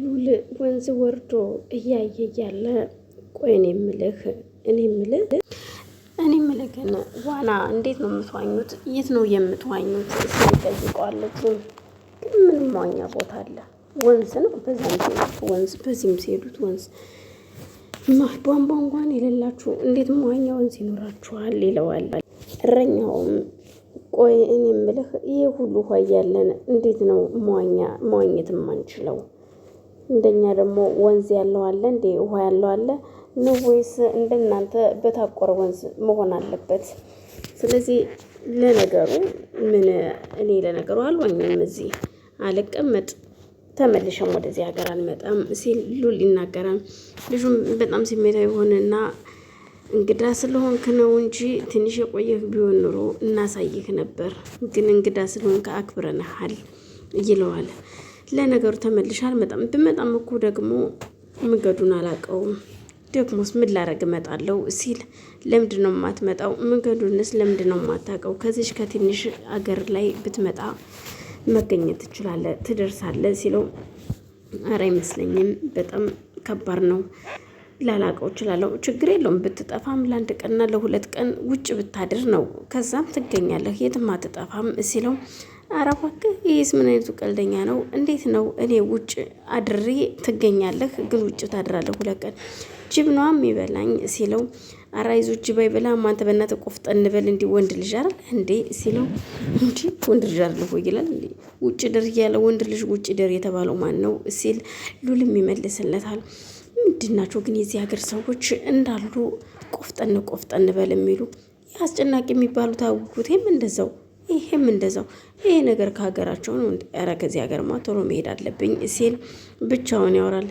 ልዑል ወንዝ ወርዶ እያየ እያለ ቆይ እኔ የምልህ እኔ የምልህ እኔ የምልህ ግን ዋና እንዴት ነው የምትዋኙት? የት ነው የምትዋኙት? ስጠይቀዋለች። ግን ምን ዋኛ ቦታ አለ? ወንዝ ነው። በዛም ሲሄዱት ወንዝ፣ በዚህም ሲሄዱት ወንዝ። ቧንቧ እንኳን የሌላችሁ እንዴት መዋኛ ወንዝ ይኖራችኋል? ይለዋል። እረኛውም ቆይ እኔ የምልህ ይህ ሁሉ ውሃ እያለን እንዴት ነው መዋኛ መዋኘት የማንችለው? እንደኛ ደግሞ ወንዝ ያለው አለ እንዴ? ውሃ ያለው አለ ነው ወይስ እንደናንተ በታቆረ ወንዝ መሆን አለበት? ስለዚህ ለነገሩ ምን እኔ ለነገሩ አልዋኝም፣ እዚህ አልቀመጥ፣ ተመልሼም ወደዚህ ሀገር አልመጣም ሲል ሉል ይናገራል። ልጁም በጣም ስሜታዊ ሆነና እንግዳ ስለሆንክ ነው እንጂ ትንሽ የቆየህ ቢሆን ኑሮ እናሳይህ ነበር፣ ግን እንግዳ ስለሆንክ አክብረንሃል ይለዋል። ለነገሩ ተመልሼ አልመጣም። ብመጣም እኮ ደግሞ መንገዱን አላውቀውም። ደግሞስ ምን ላረግ እመጣለሁ ሲል ለምንድን ነው የማትመጣው? መንገዱንስ ለምንድን ነው የማታውቀው? ከዚች ከትንሽ አገር ላይ ብትመጣ መገኘት ትችላለህ፣ ትደርሳለህ ሲለው አረ አይመስለኝም፣ በጣም ከባድ ነው፣ ላላቀው እችላለሁ። ችግር የለውም ብትጠፋም ለአንድ ቀንና ለሁለት ቀን ውጭ ብታድር ነው፣ ከዛም ትገኛለህ፣ የትም አትጠፋም ሲለው አረፋክ ይህስ ምን አይነቱ ቀልደኛ ነው? እንዴት ነው እኔ ውጭ አድሬ ትገኛለህ፣ ግን ውጭ ታድራለህ ሁለት ቀን ጅብ ነዋ የሚበላኝ ሲለው አራይዞ ጅብ አይበላ ማንተ በእናትህ ቆፍጠን በል እንዲ ወንድ ልጅ አይደል እንዴ ሲለው እንጂ ወንድ ልጅ አይደል ወይ ይላል። እንዴ ውጭ ድር እያለ ወንድ ልጅ ውጭ ድር የተባለው ማን ነው ሲል ሉልም ይመልስለታል። ምንድናቸው ግን የዚህ ሀገር ሰዎች እንዳሉ ቆፍጠን ቆፍጠን በል የሚሉ አስጨናቂ የሚባሉት አጉቴም እንደዛው ይሄም እንደዛው ይሄ ነገር ከሀገራቸው ነው። ኧረ ከዚህ ሀገርማ ቶሎ መሄድ አለብኝ ሲል ብቻውን ያወራል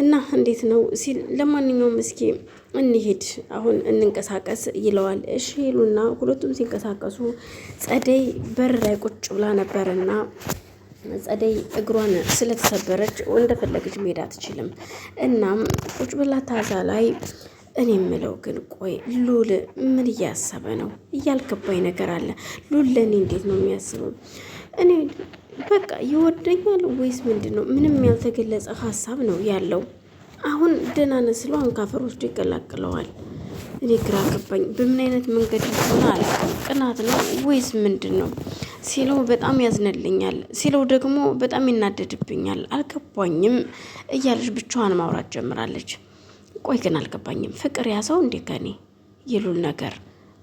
እና እንዴት ነው ሲል ለማንኛውም እስኪ እንሄድ አሁን እንንቀሳቀስ ይለዋል። እሺ ይሉና ሁለቱም ሲንቀሳቀሱ ጸደይ በር ላይ ቁጭ ብላ ነበር ነበርና ጸደይ እግሯን ስለተሰበረች እንደፈለገች መሄድ አትችልም። እናም ቁጭ ብላ ታዛ ላይ እኔ የምለው ግን ቆይ ሉል ምን እያሰበ ነው? እያልገባኝ ነገር አለ። ሉል ለእኔ እንዴት ነው የሚያስበው? እኔ በቃ ይወደኛል ወይስ ምንድን ነው? ምንም ያልተገለጸ ሀሳብ ነው ያለው። አሁን ደህና አሁን ካፈር ወስዶ ይቀላቅለዋል። እኔ ግራ ገባኝ። በምን አይነት መንገድ ሆነ አለ። ቅናት ነው ወይስ ምንድን ነው ሲለው በጣም ያዝነልኛል ሲለው ደግሞ በጣም ይናደድብኛል። አልገባኝም እያለች ብቻዋን ማውራት ጀምራለች። ቆይ ግን አልገባኝም፣ ፍቅር ያዘው እንዴ ከኔ ይሉል ነገር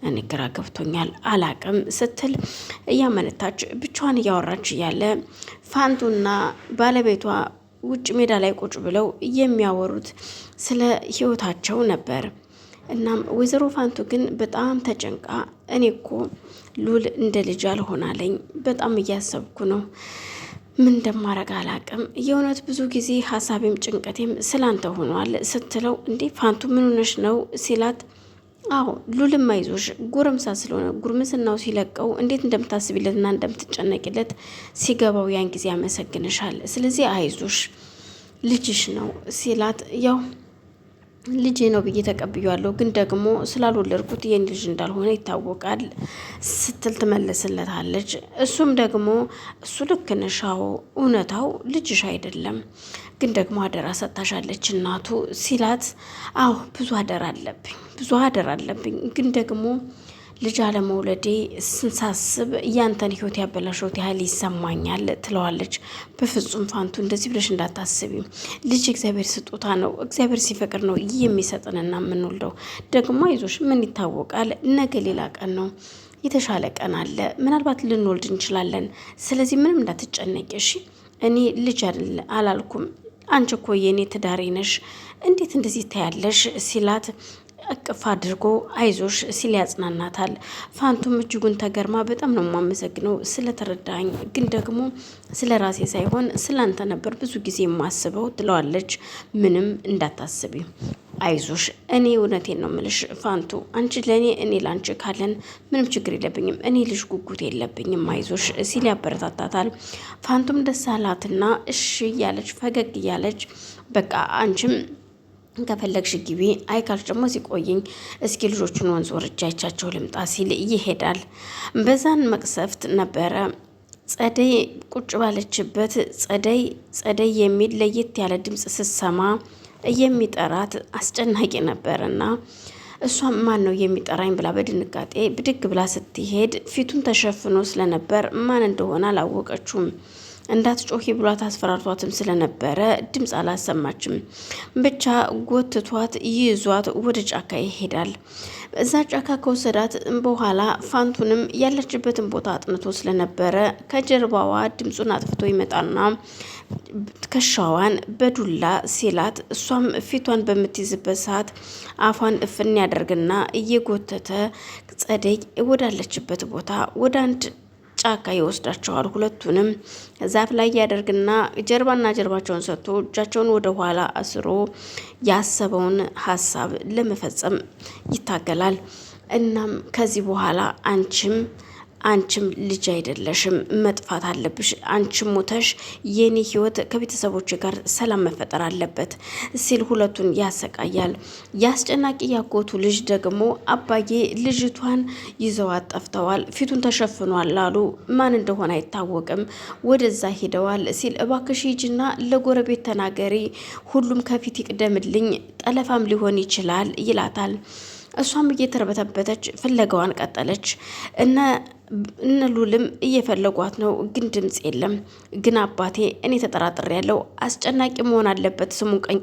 እኔ ግራ ገብቶኛል አላቅም ስትል እያመነታች ብቻዋን እያወራች እያለ ፋንቱና ባለቤቷ ውጭ ሜዳ ላይ ቁጭ ብለው የሚያወሩት ስለ ህይወታቸው ነበር። እናም ወይዘሮ ፋንቱ ግን በጣም ተጨንቃ እኔ እኮ ሉል እንደ ልጅ አልሆናለኝ በጣም እያሰብኩ ነው ምን እንደማረግ አላቅም። የእውነት ብዙ ጊዜ ሀሳቤም ጭንቀቴም ስላንተ ሆኗል ስትለው እንዴ ፋንቱ ምን ሆነሽ ነው ሲላት አዎ ሉልም አይዞሽ ጉርምሳ ስለሆነ ጉርምስናው ሲለቀው እንዴት እንደምታስብለትና እንደምትጨነቂለት ሲገባው ያን ጊዜ ያመሰግንሻል። ስለዚህ አይዞሽ ልጅሽ ነው ሲላት ያው ልጄ ነው ብዬ ተቀብያለሁ፣ ግን ደግሞ ስላልወለድኩት የኔ ልጅ እንዳልሆነ ይታወቃል ስትል ትመልስለታለች። እሱም ደግሞ እሱ ልክ እውነታው ልጅሽ አይደለም፣ ግን ደግሞ አደራ ሰጥታሻለች እናቱ ሲላት፣ አዎ ብዙ አደራ አለብኝ፣ ብዙ አደራ አለብኝ፣ ግን ደግሞ ልጅ አለመውለዴ ስንሳስብ እያንተን ህይወት ያበላሸሁት ያህል ይሰማኛል ትለዋለች። በፍጹም ፋንቱ እንደዚህ ብለሽ እንዳታስቢ። ልጅ እግዚአብሔር ስጦታ ነው። እግዚአብሔር ሲፈቅድ ነው የሚሰጥንና የምንወልደው። ደግሞ አይዞሽ፣ ምን ይታወቃል፣ ነገ ሌላ ቀን ነው የተሻለ ቀን አለ። ምናልባት ልንወልድ እንችላለን። ስለዚህ ምንም እንዳትጨነቂ እሺ። እኔ ልጅ አላልኩም። አንቺ እኮ የእኔ ትዳሬ ነሽ። እንዴት እንደዚህ ታያለሽ? ሲላት እቅፍ አድርጎ አይዞሽ ሲል ያጽናናታል። ፋንቱም እጅጉን ተገርማ በጣም ነው የማመሰግነው ስለተረዳኝ፣ ግን ደግሞ ስለ ራሴ ሳይሆን ስላንተ ነበር ብዙ ጊዜ የማስበው ትለዋለች። ምንም እንዳታስቢ አይዞሽ እኔ እውነቴን ነው ምልሽ ፋንቱ፣ አንቺ ለእኔ እኔ ላንቺ ካለን ምንም ችግር የለብኝም። እኔ ልጅ ጉጉት የለብኝም አይዞሽ ሲል ያበረታታታል። ፋንቱም ደስ አላትና እሺ እያለች ፈገግ እያለች በቃ አንቺም ከፈለግሽ ግቢ አይካልሽ ደግሞ ሲቆይኝ እስኪ ልጆቹን ወንዝ ወርጃ አይቻቸው ልምጣ ሲል ይሄዳል። በዛን መቅሰፍት ነበረ ጸደይ ቁጭ ባለችበት ጸደይ ጸደይ የሚል ለየት ያለ ድምፅ ስትሰማ የሚጠራት አስጨናቂ ነበረና እሷም ማን ነው የሚጠራኝ ብላ በድንጋጤ ብድግ ብላ ስትሄድ ፊቱን ተሸፍኖ ስለነበር ማን እንደሆነ አላወቀችውም። እንዳትጮሂ ብሏት አስፈራርቷትም ስለነበረ ድምፅ አላሰማችም። ብቻ ጎትቷት ይዟት ወደ ጫካ ይሄዳል። እዛ ጫካ ከወሰዳት በኋላ ፋንቱንም ያለችበትን ቦታ አጥንቶ ስለነበረ ከጀርባዋ ድምፁን አጥፍቶ ይመጣና ትከሻዋን በዱላ ሲላት እሷም ፊቷን በምትይዝበት ሰዓት አፏን እፍን ያደርግና እየጎተተ ጸደይ ወዳለችበት ቦታ ወደ አንድ ጫካ ይወስዳቸዋል። ሁለቱንም ዛፍ ላይ ያደርግና ጀርባና ጀርባቸውን ሰጥቶ እጃቸውን ወደ ኋላ አስሮ ያሰበውን ሀሳብ ለመፈጸም ይታገላል። እናም ከዚህ በኋላ አንቺም አንቺም ልጅ አይደለሽም፣ መጥፋት አለብሽ። አንቺም ሞተሽ የኔ ህይወት ከቤተሰቦች ጋር ሰላም መፈጠር አለበት ሲል ሁለቱን ያሰቃያል። የአስጨናቂ ያጎቱ ልጅ ደግሞ አባዬ ልጅቷን ይዘዋት ጠፍተዋል፣ ፊቱን ተሸፍኗል ላሉ ማን እንደሆነ አይታወቅም፣ ወደዛ ሄደዋል ሲል እባክሽ ሂጂና ለጎረቤት ተናገሪ፣ ሁሉም ከፊት ይቅደምልኝ፣ ጠለፋም ሊሆን ይችላል ይላታል። እሷም እየተርበተበተች ፍለጋዋን ቀጠለች። እነ እነ ሉልም እየፈለጓት ነው፣ ግን ድምፅ የለም። ግን አባቴ እኔ ተጠራጥሬ ያለው አስጨናቂ መሆን አለበት ስሙን ቀኝ